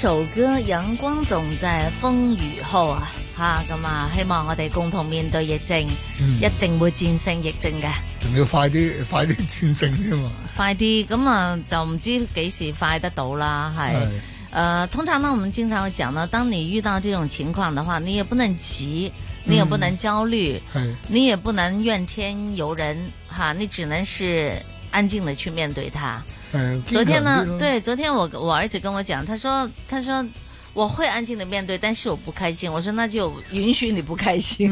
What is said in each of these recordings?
首歌陽光總在風雨後啊，吓咁啊！希望我哋共同面對疫症，嗯、一定會戰勝疫症嘅。仲要快啲，快啲戰勝添嘛！快啲，咁啊就唔知幾時快得到啦。係，誒是、呃，通常呢，我們經常會講呢。當你遇到這種情況的話，你也不能急，你也不能焦慮，你也不能怨天尤人，哈、啊！你只能是安靜的去面對它。嗯、昨天呢，對，昨天我我兒子跟我講，他說他說我會安靜的面對，但是我不開心。我說那就允許你不開心，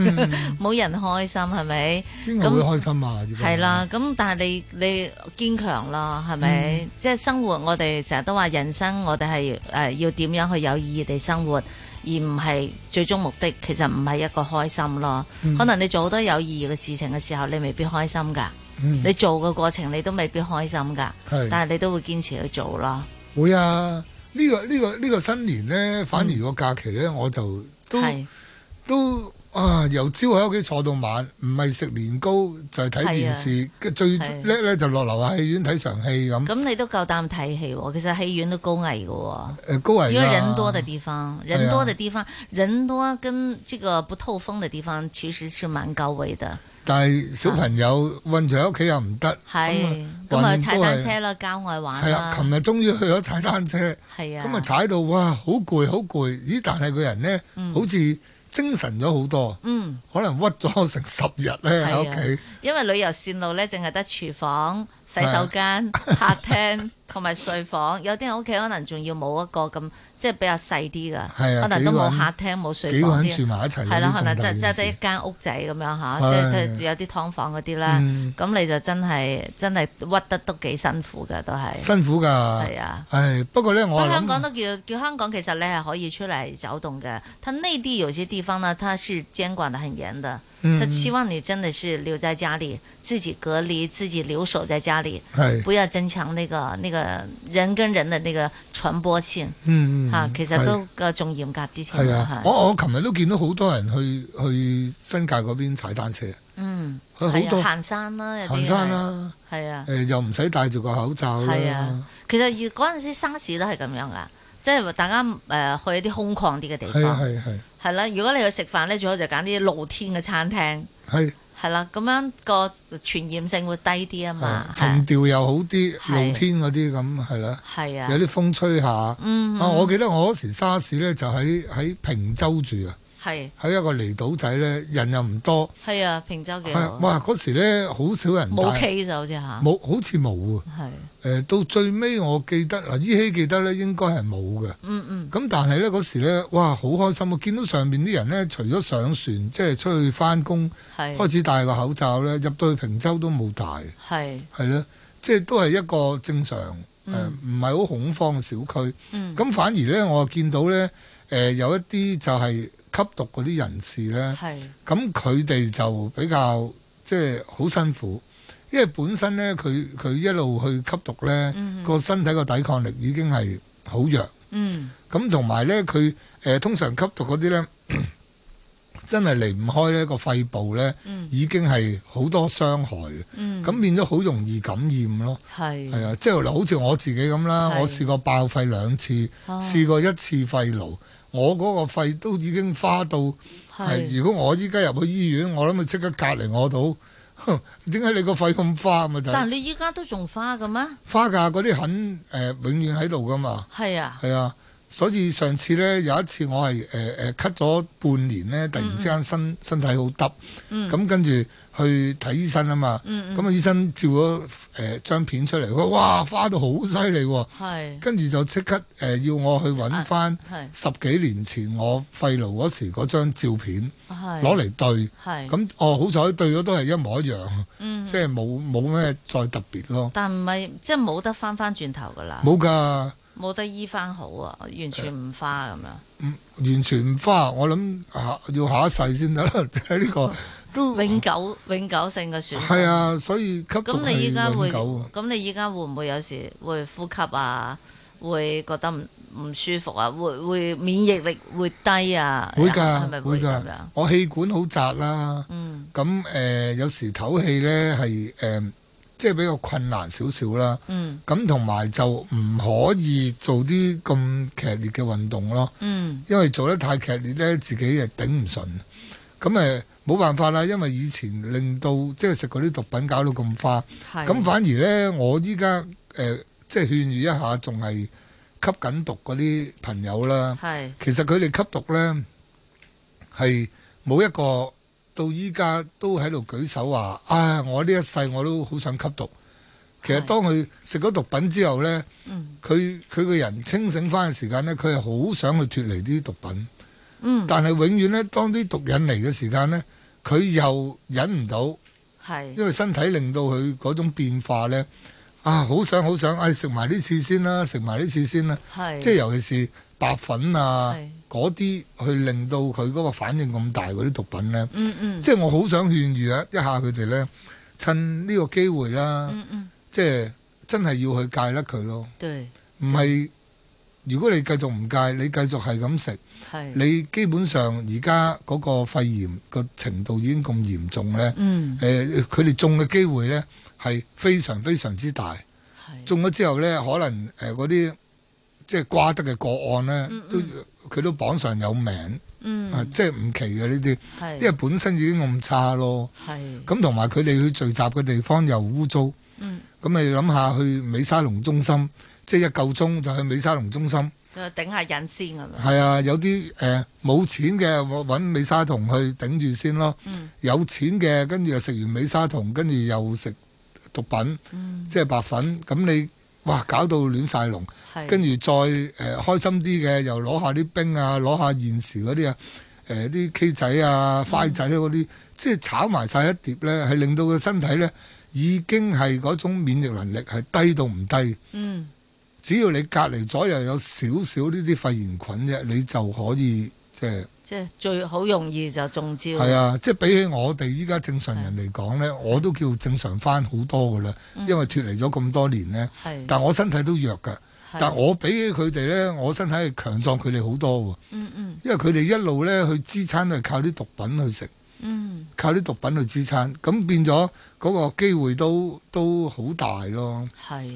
冇、嗯、 人開心係咪？邊個會開心嘛那啦啊？係啦，咁但係你你堅強啦，係咪、嗯？即係生活，我哋成日都話人生，我哋係誒要點樣去有意義地生活，而唔係最終目的其實唔係一個開心咯。嗯、可能你做好多有意義嘅事情嘅時候，你未必開心噶。你做嘅過程，你都未必開心噶，是但係你都會堅持去做咯。會啊，呢、呢個呢、呢個呢、呢個新年咧，反而個假期咧，嗯、我就都都。是都啊！由朝喺屋企坐到晚，唔係食年糕就係睇電視。最叻咧就落樓下戲院睇場戲咁。咁你都夠膽睇戲喎？其實戲院都高危喎。誒，高危。因為人多嘅地方，人多嘅地方，人多跟即個不透風嘅地方，其實算蠻高危的。但係小朋友韫住喺屋企又唔得。係咁啊，踩單車啦，郊外玩啦。係啦，琴日終於去咗踩單車。係啊。咁啊，踩到哇，好攰，好攰。咦？但係個人咧，好似。精神咗好多，嗯，可能屈咗成十日咧喺屋企，的因為旅遊線路咧淨係得廚房，洗手間、客廳同埋睡房，有啲人屋企可能仲要冇一個咁，即係比較細啲噶，可能都冇客廳冇睡房住埋一齊，係啦？可能即係得一間屋仔咁樣嚇，即係有啲劏房嗰啲啦。咁你就真係真係屈得都幾辛苦嘅，都係辛苦㗎。係啊，不過咧，我香港都叫叫香港，其實你係可以出嚟走動嘅。但係內地有些地方呢，他是監管得很嚴的，佢希望你真的是留在家裏，自己隔離，自己留守在家。係，不要增強呢個呢個人跟人嘅呢個傳播性。嗯嗯，吓其實都個仲嚴格啲係啊，我我琴日都見到好多人去去新界嗰邊踩單車。嗯，係好多行山啦，行山啦，係啊。誒、啊，又唔使戴住個口罩係啊，其實嗰陣時沙士都係咁樣噶，即係大家誒、呃、去一啲空曠啲嘅地方。係係、啊。係啦、啊，啊、如果你去食飯咧，最好就揀啲露天嘅餐廳。係、啊。係啦，咁樣個傳染性會低啲啊嘛，情的的調又好啲，的露天嗰啲咁，係啦，係啊的，有啲風吹下，嗯嗯啊，我記得我嗰時沙士咧就喺喺平洲住啊。係喺一個離島仔咧，人又唔多。係啊，平洲嘅。哇！嗰時咧，好少人。冇 K 咋好似吓。冇，好似冇啊。係。誒，到最尾，我記得嗱，依稀記得咧，應該係冇嘅。嗯嗯。咁但係咧，嗰時咧，哇，好開心啊！見到上面啲人咧，除咗上船，即係出去翻工，開始戴個口罩咧，入到去平洲都冇戴。係。係咯，即係都係一個正常誒，唔係好恐慌嘅小區。嗯。咁反而咧，我見到咧。誒、呃、有一啲就係吸毒嗰啲人士咧，咁佢哋就比較即係好辛苦，因為本身咧，佢佢一路去吸毒咧，個、嗯、身體個抵抗力已經係好弱，咁同埋咧，佢誒通常吸毒嗰啲咧，真係離唔開呢、那個肺部咧，已經係好多傷害，咁、嗯、變咗好容易感染咯，係是啊，即係好似我自己咁啦，是我試過爆肺兩次，是試過一次肺癆。嗯我嗰個肺都已經花到，係。如果我依家入去醫院，我諗佢即刻隔離我度。點解你個肺咁花？咪就係。但係你依家都仲花嘅咩？花㗎，嗰啲痕誒永遠喺度㗎嘛。係啊。係啊。所以上次咧有一次我係誒誒咳咗半年咧，突然之間身身體好揼，咁跟住去睇醫生啊嘛，咁啊醫生照咗誒張片出嚟，佢話哇花到好犀利，跟住就即刻誒要我去揾翻十幾年前我肺癆嗰時嗰張照片攞嚟對，咁哦，好彩對咗都係一模一樣，即係冇冇咩再特別咯。但唔係即係冇得翻翻轉頭噶啦，冇㗎。冇得醫翻好啊！完全唔花咁樣，唔、呃、完全唔花。我諗下要下一世先得啦。喺、這、呢個都永久、呃、永久性嘅損傷。係啊，所以吸咁你依家會咁、啊、你依家會唔會有時會呼吸啊？會覺得唔唔舒服啊？會會免疫力會低啊？會㗎的，係咪會㗎？我氣管好窄啦、啊嗯呃。嗯。咁誒，有時唞氣咧係誒。即係比較困難少少啦，嗯、咁同埋就唔可以做啲咁劇烈嘅運動咯，嗯、因為做得太劇烈咧，自己係頂唔順。咁誒冇辦法啦，因為以前令到即係食嗰啲毒品搞到咁花，咁是反而咧我依家誒即係勸喻一下，仲係吸緊毒嗰啲朋友啦。是其實佢哋吸毒咧係冇一個。到依家都喺度舉手話唉！我呢一世我都好想吸毒。其實當佢食咗毒品之後呢，佢佢個人清醒翻嘅時間呢，佢係好想去脱離啲毒品。但係永遠呢，當啲毒癮嚟嘅時間呢，佢又忍唔到。係，因為身體令到佢嗰種變化呢。啊，好想好想，唉，食埋呢次先啦、啊，食埋呢次先啦、啊。係，即係尤其是。白粉啊，嗰啲是去令到佢嗰個反應咁大，嗰啲毒品咧，嗯嗯即係我好想勸喻一下佢哋咧，趁呢個機會啦，嗯嗯即係真係要去戒甩佢咯。唔係，如果你繼續唔戒，你繼續係咁食，是你基本上而家嗰個肺炎個程度已經咁嚴重咧。誒、嗯，佢哋中嘅機會咧，係非常非常之大。中咗是是之後咧，可能誒嗰啲。呃即係瓜得嘅個案咧，嗯嗯都佢都榜上有名，嗯、啊，即係唔奇嘅呢啲，是因為本身已經咁差咯。係咁是同埋佢哋去聚集嘅地方又污糟，咁、嗯、你諗下去美沙酮中心，即係一夠鐘就去美沙酮中心，就頂下癮先咁啊。係啊，有啲誒冇錢嘅我揾美沙酮去頂住先咯。嗯、有錢嘅跟住又食完美沙酮，跟住又食毒品，即係白粉。咁你？哇！搞到亂晒龍，是跟住再誒、呃、開心啲嘅，又攞下啲冰啊，攞下現時嗰啲啊，誒、呃、啲 K 仔啊、快仔嗰啲，嗯、即係炒埋晒一碟呢，係令到個身體呢已經係嗰種免疫能力係低到唔低。嗯，只要你隔離左右有少少呢啲肺炎菌啫，你就可以即係。即係最好容易就中招。係啊，即係比起我哋依家正常人嚟講咧，的我都叫正常翻好多噶啦。嗯、因為脫離咗咁多年咧，的但係我身體都弱㗎。的但係我比起佢哋咧，我身體係強壯佢哋好多喎。嗯嗯。因為佢哋一路咧去支撐都係靠啲毒品去食，嗯，靠啲毒品去支撐，咁變咗嗰個機會都都好大咯。係。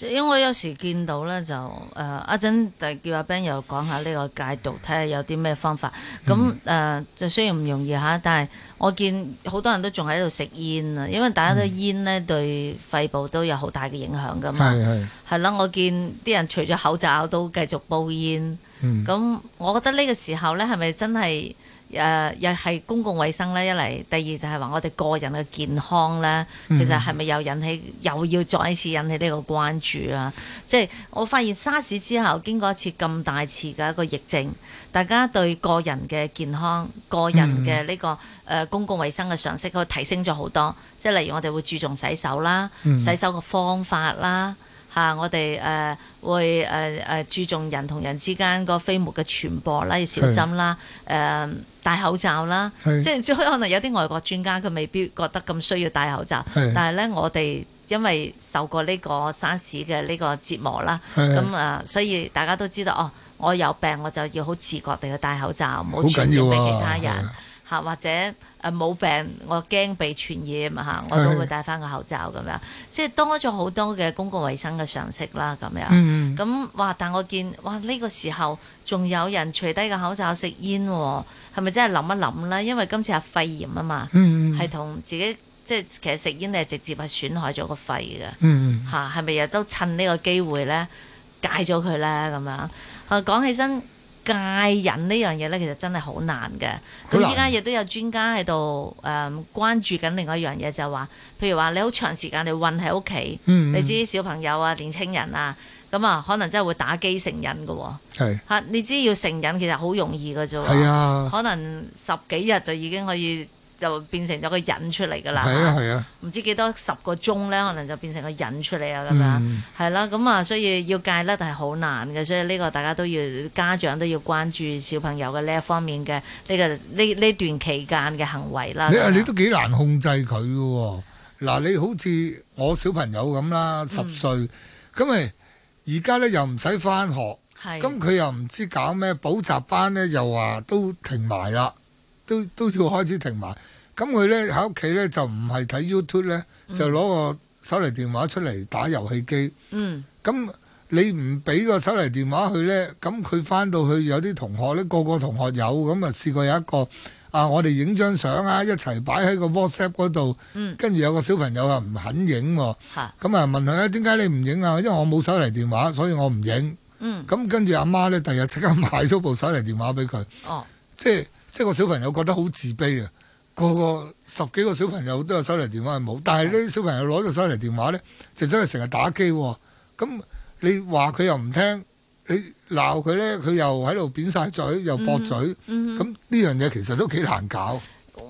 因為我有時見到咧就誒一陣，阿珍、呃、叫阿 Ben 又講下呢個戒毒，睇下有啲咩方法。咁誒、嗯呃，就雖然唔容易吓，但係我見好多人都仲喺度食煙啊，因為大家都煙咧、嗯、對肺部都有好大嘅影響噶嘛。係係。係啦，我見啲人除咗口罩都繼續煲煙。嗯。咁我覺得呢個時候咧，係咪真係？誒、呃、又係公共衛生咧，一嚟第二就係話我哋個人嘅健康咧，其實係咪又引起又要再一次引起呢個關注啊？嗯、即係我發現沙士之後，經過一次咁大次嘅一個疫症，大家對個人嘅健康、個人嘅呢、呢個誒、呃、公共衛生嘅常識都提升咗好多。即係例如我哋會注重洗手啦，洗手嘅方法啦。嚇、啊！我哋誒、呃、會誒誒、呃呃、注重人同人之間個飛沫嘅傳播啦，要小心啦，誒是、呃、戴口罩啦是，即係可能有啲外國專家佢未必覺得咁需要戴口罩，是但係咧我哋因為受過呢個沙士嘅呢個折磨啦，咁啊是、呃，所以大家都知道哦，我有病我就要好自覺地去戴口罩，唔好傳染俾其他人嚇，啊、或者。誒冇、啊、病，我驚被傳染嚇、啊，我都會戴翻個口罩咁、啊嗯啊、樣，即係多咗好多嘅公共衞生嘅常識啦咁樣。咁哇，但我見哇呢、這個時候仲有人除低個口罩食煙喎，係、啊、咪真係諗一諗啦？因為今次係肺炎啊嘛，係同、嗯、自己即係其實食煙係直接係損害咗個肺嘅嚇，係咪又都趁呢個機會咧戒咗佢咧咁樣啊？講起身。戒癮呢樣嘢呢，其實真係好難嘅。咁依家亦都有專家喺度誒關注緊另外一樣嘢，就係話，譬如話你好長時間你韞喺屋企，嗯嗯你知小朋友啊、年輕人啊，咁啊可能真係會打機成癮嘅、哦。係。你知要成癮其實好容易嘅啫。係啊，可能十幾日就已經可以。就變成咗個癮出嚟噶啦，係啊係啊，唔、啊、知幾多十個鐘咧，可能就變成個癮出嚟啊咁樣，係啦，咁啊，所以要戒咧，係好難嘅，所以呢個大家都要家長都要關注小朋友嘅呢一方面嘅呢、這個呢呢段期間嘅行為啦。你、啊、你都幾難控制佢嘅、哦，嗱你好似我小朋友咁啦，十歲，咁咪而家咧又唔使返學，咁佢是又唔知搞咩補習班咧，又話都停埋啦，都都要開始停埋。咁佢咧喺屋企咧就唔係睇 YouTube 咧，就攞、嗯、個手提電話出嚟打遊戲機。嗯，咁你唔俾個手提電話佢咧，咁佢翻到去有啲同學咧，個個同學有咁啊。就試過有一個啊，我哋影張相啊，一齊擺喺個 WhatsApp 度。跟住、嗯、有個小朋友、嗯、啊，唔肯影喎。咁啊，問佢啊，點解你唔影啊？因為我冇手提電話，所以我唔影。咁跟住阿媽咧，第日即刻買咗部手提電話俾佢。哦，即係即係個小朋友覺得好自卑啊！個個十幾個小朋友都有手提電話，係冇，但係呢啲小朋友攞咗手提電話呢，就真係成日打機。咁你話佢又唔聽，你鬧佢呢，佢又喺度扁晒嘴，又駁嘴。咁呢、mm hmm. 樣嘢其實都幾難搞。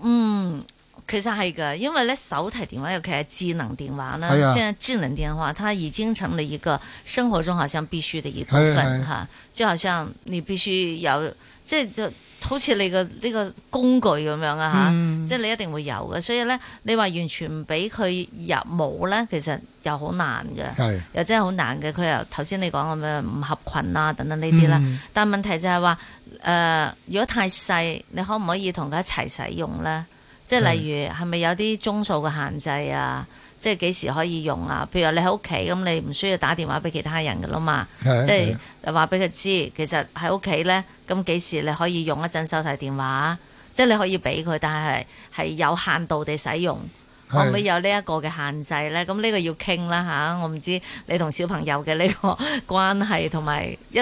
嗯、mm。Hmm. 其實係噶，因為咧手提電話尤其係智能電話啦。即係是、啊、智能電話它已經成了一個生活中好像必須的一部分吓，即係是、啊、好像你必須有，即係就好似你個呢、這個工具咁樣啊吓，嗯、即係你一定會有嘅。所以咧，你話完全唔俾佢入冇咧，其實又好難嘅，是是又真係好難嘅。佢又頭先你講咁樣唔合群啊等等呢啲啦，嗯、但係問題就係話誒，如果太細，你可唔可以同佢一齊使用咧？即係例如係咪有啲鐘數嘅限制啊？即係幾時可以用啊？譬如你喺屋企咁，你唔需要打電話俾其他人嘅啦嘛。的即係話俾佢知，的其實喺屋企咧，咁幾時你可以用一陣手提電話？即係你可以俾佢，但係係有限度地使用，的可唔可以有呢一個嘅限制咧？咁呢個要傾啦嚇。我唔知你同小朋友嘅呢個關係同埋一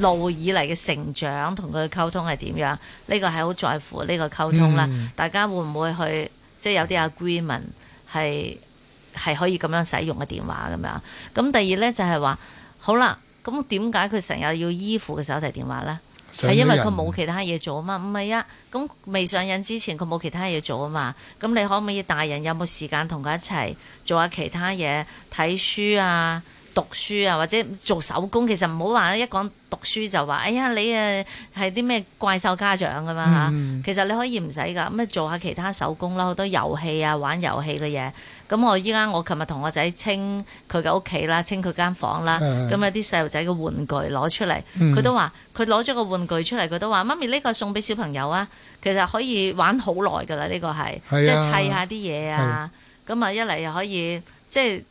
路以嚟嘅成長同佢嘅溝通係點樣？呢個係好在乎呢個溝通啦。嗯、大家會唔會去即係、就是、有啲 agreement 係係可以咁樣使用嘅電話咁樣？咁第二呢，就係、是、話，好啦，咁點解佢成日要依附嘅手提電話呢？係因為佢冇其他嘢做啊嘛？唔係啊，咁未上癮之前佢冇其他嘢做啊嘛？咁你可唔可以大人有冇時間同佢一齊做下其他嘢睇書啊？讀書啊，或者做手工，其實唔好話一講讀書就話，哎呀，你誒係啲咩怪獸家長噶嘛嚇？嗯、其實你可以唔使噶，咁啊做下其他手工啦，好多遊戲啊，玩遊戲嘅嘢。咁、嗯、我依家我琴日同我仔清佢嘅屋企啦，清佢間房啦，咁啊啲細路仔嘅玩具攞出嚟，佢都話佢攞咗個玩具出嚟，佢都話媽咪呢個送俾小朋友啊，其實可以玩好耐噶啦，呢個係即係砌下啲嘢啊，咁啊一嚟又可以即係。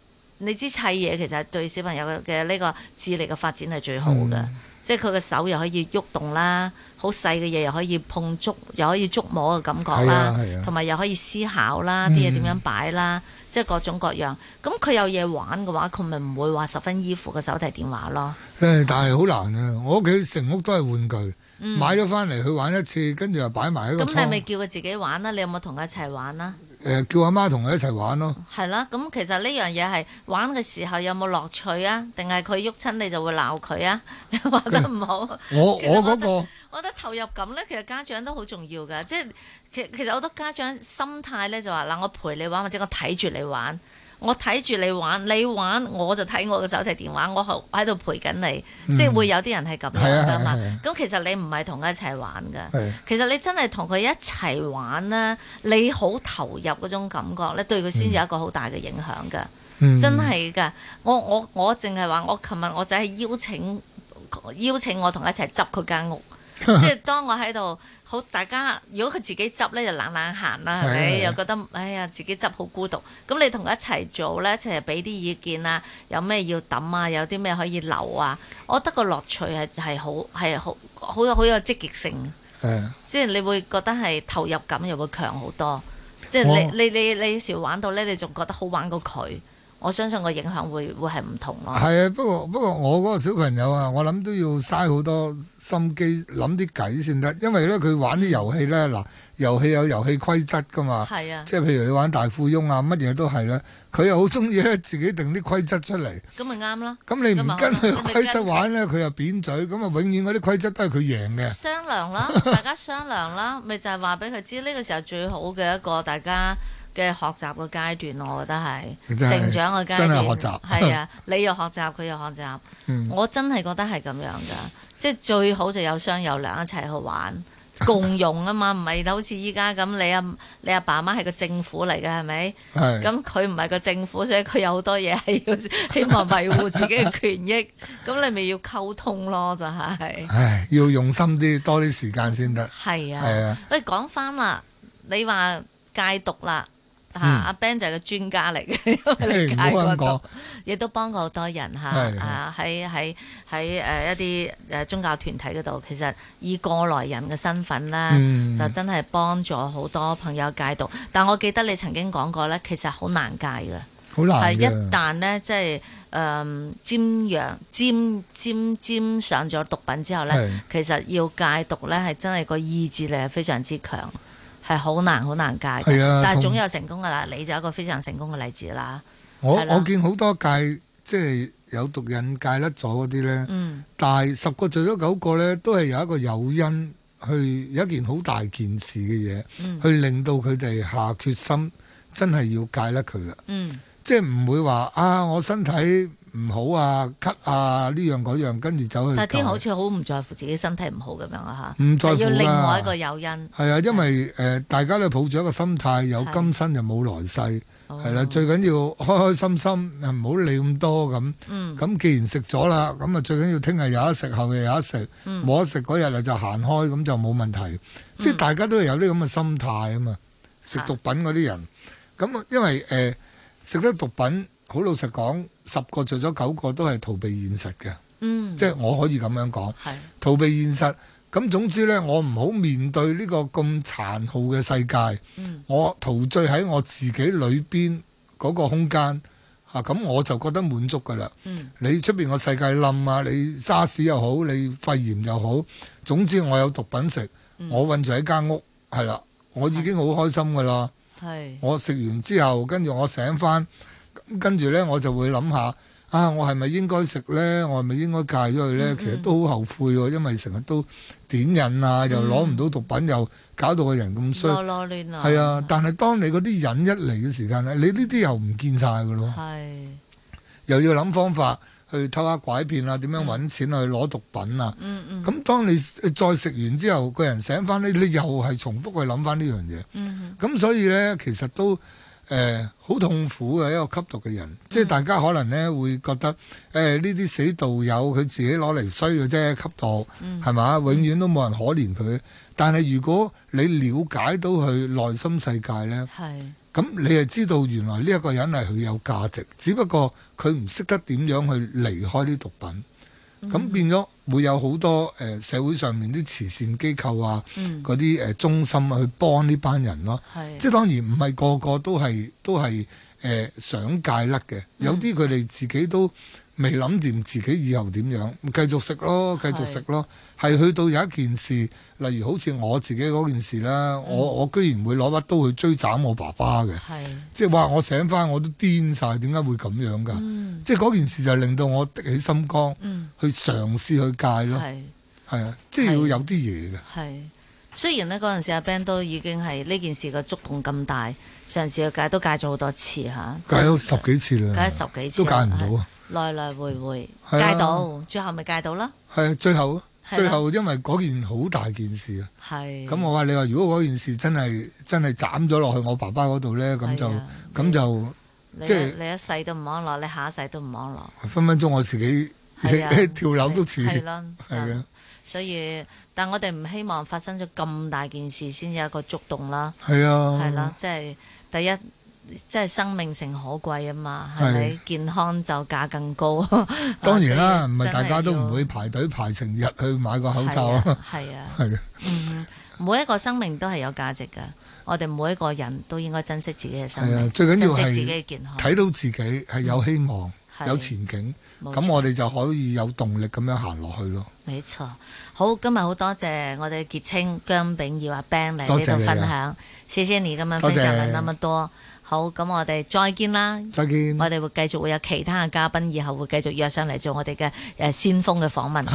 你知砌嘢其實對小朋友嘅呢個智力嘅發展係最好嘅，嗯、即係佢嘅手又可以喐動啦，好細嘅嘢又可以碰觸，又可以觸摸嘅感覺啦，同埋、啊啊、又可以思考啦，啲嘢點樣擺啦，即係各種各樣。咁佢有嘢玩嘅話，佢咪唔會話十分依附個手提電話咯？但係好難啊！我屋企成屋都係玩具，嗯、買咗翻嚟去玩一次，跟住又擺埋喺個倉。咁、嗯、你咪叫佢自己玩啦、啊，你有冇同佢一齊玩啦、啊？誒，叫阿媽同佢一齊玩咯，係啦。咁其實呢樣嘢，係玩嘅時候有冇樂趣啊？定係佢喐親你就會鬧佢啊？你、 欸、覺得唔好？我我、嗰個，我覺得投入感咧，其實家長都好重要噶。即係其其實好多家長心態咧就話嗱，我陪你玩或者我睇住你玩。我睇住你玩，你玩我就睇我嘅手提電話，我喺度陪緊你，嗯、即係會有啲人係咁樣噶嘛。咁、啊啊啊、其實你唔係同佢一齊玩嘅，啊、其實你真係同佢一齊玩咧，你好投入嗰種感覺咧，你對佢先有一個好大嘅影響嘅，嗯、真係噶。我我我淨係話，我琴日我仔係邀請邀請我同佢一齊執佢間屋。 即係當我喺度好，大家如果佢自己執咧就懶懶閒啦，係咪、 哎、又覺得哎呀自己執好孤獨。咁你同佢一齊做咧，一齊俾啲意見啊，有咩要抌啊，有啲咩可以留啊，我覺得個樂趣係係好係好好，好有好有積極性。 即係你會覺得係投入感又會強好多。即係你我 你你你，你有時玩到咧，你仲覺得好玩過佢。我相信個影響會會係唔同咯。係啊，不過不過我嗰個小朋友啊，我諗都要嘥好多心機諗啲計先得，因為咧佢玩啲遊戲咧，嗱遊戲有遊戲規則噶嘛。係啊，即係譬如你玩大富翁啊，乜嘢都係啦。佢又好中意咧，自己定啲規則出嚟。咁咪啱咯。咁，嗯，你唔跟佢規則玩咧，佢又扁嘴，咁啊永遠嗰啲規則都係佢贏嘅。商量啦，大家商量啦，咪就係話俾佢知呢個時候最好嘅一個大家嘅學習個階段，我覺得係成長嘅階段 tai, 學，係啊，你又學習，佢又學習，嗯、我真係覺得係咁樣噶，即、就、係、是、最好就有商有量一齊去玩，共用啊嘛，唔係好似依家咁，你阿你阿爸媽係個政府嚟嘅，係咪？咁佢唔係個政府，所以佢有好多嘢，係要希望維護自己嘅權益，咁你咪要溝通咯，就係。唉，要用心啲，多啲時間先得。係啊，係啊。喂，講翻啦，你話戒毒啦。嚇！阿、嗯啊、Ben 就係個專家嚟嘅，因為你戒過毒，亦都幫過好多人嚇。的啊！喺喺喺誒一啲誒宗教團體嗰度，其實以過來人嘅身份咧，嗯、就真係幫咗好多朋友戒毒。但我記得你曾經講過咧，其實好難戒嘅，好難。係一旦咧，即係誒沾藥、沾沾沾上咗毒品之後咧，的其實要戒毒咧，係真係、個意志力係非常之強。係好難好難戒，啊、但係總有成功噶啦，你就係一個非常成功嘅例子我啦。我我見好多戒即係有毒癮戒得咗嗰啲呢，嗯、但係十個醉咗九個呢，都係有一個誘因去有一件好大件事嘅嘢，嗯、去令到佢哋下決心真係要戒甩佢啦。嗯、即係唔會話啊，我身體。唔好啊，咳啊，呢樣嗰樣，跟住走去。但係啲好似好唔在乎自己身體唔好咁樣啊嚇。唔在乎啦。要另外一個誘因。係啊，因為誒，大家都抱住一個心態，有今生就冇來世，係啦。最緊要開開心心，唔好理咁多咁。嗯。咁既然食咗啦，咁啊最緊要聽日有得食，後日有得食，冇得食嗰日啊就行開，咁就冇問題。即係大家都係有啲咁嘅心態啊嘛。食毒品嗰啲人，咁因為誒食得毒品。好老實講，十個做咗九個都係逃避現實嘅，嗯、即係我可以咁樣講，係、逃避現實。咁總之呢，我唔好面對呢個咁殘酷嘅世界，嗯、我陶醉喺我自己裏邊嗰個空間啊！咁我就覺得滿足噶啦、嗯。你出邊個世界冧啊！你沙士又好，你肺炎又好，總之我有毒品食，我困住喺間屋係啦、嗯，我已經好開心噶啦。我食完之後，跟住我醒翻。跟住呢，我就會諗下啊，我係咪應該食呢？我係咪應該戒咗佢呢？嗯、其實都好後悔喎、喔，因為成日都點癮啊，又攞唔到毒品，嗯、又搞到個人咁衰，攞啊！係啊，但係當你嗰啲癮一嚟嘅時間呢，你呢啲又唔見晒㗎咯，又要諗方法去偷下拐騙啊、點樣揾錢、啊 honey, 嗯、去攞毒品啊？咁當你再食完之後，個人醒翻呢，你又係重複去諗翻呢樣嘢。咁所以呢，其實都。誒好、欸、痛苦嘅一個吸毒嘅人，即係大家可能咧會覺得誒，呢啲死道友佢自己攞嚟衰嘅啫，吸毒係咪，永遠都冇人可憐佢。但係如果你了解到佢內心世界咧，咁是、嗯、你係知道原來呢一個人係佢有價值，只不過佢唔識得點樣去離開啲毒品。咁變咗會有好多誒、呃、社會上面啲慈善機構啊，嗰啲誒中心去幫呢班人咯。是即係當然唔係個個都係都係誒、呃、想戒甩嘅，有啲佢哋自己都。未諗掂自己以後點樣，繼續食咯，繼續食咯。係是去到有一件事，例如好似我自己嗰件事啦，嗯、我我居然會攞把刀去追斬我爸爸嘅，是即係話我醒返我都癲晒，點解會咁樣噶？嗯、即係嗰件事就令到我啲起心肝，嗯、去嘗試去戒咯，係啊是是，即係要有啲嘢嘅。雖然呢，嗰陣時阿 Ben 都已經係呢件事嘅觸動咁大，上次佢戒都戒咗好多次吓，戒咗十幾次啦，戒咗十幾次都戒唔到，啊？來來回回戒到，最後咪戒到咯。係啊，最後最後因為嗰件好大件事啊，係。咁我話你話如果嗰件事真係真係斬咗落去我爸爸嗰度咧，咁就咁就即係你一世都唔安樂，你下一世都唔安樂。分分鐘我自己跳樓都似，係啊。所以，但我哋唔希望發生咗咁大件事先有一個觸動啦。係啊，係啦，即係第一，即係生命誠可貴啊嘛，係咪？啊、健康就價更高。當然啦，唔係 大家都唔會排隊排成日去買個口罩。係啊，係啊，啊， 啊、嗯，每一個生命都係有價值嘅。我哋每一個人都應該珍惜自己嘅生命，啊、最緊要珍惜自己嘅健康，睇到自己係有希望。嗯有前景，咁我哋就可以有動力咁樣行落去咯。冇錯，好，今日好多謝我哋傑青、姜炳耀、阿 Ben 嚟呢度分享，謝，啊、謝謝你今日分享咁多，多。好，咁我哋再見啦。再見。我哋會繼續會有其他嘅嘉賓，以後會繼續約上嚟做我哋嘅誒先鋒嘅訪問。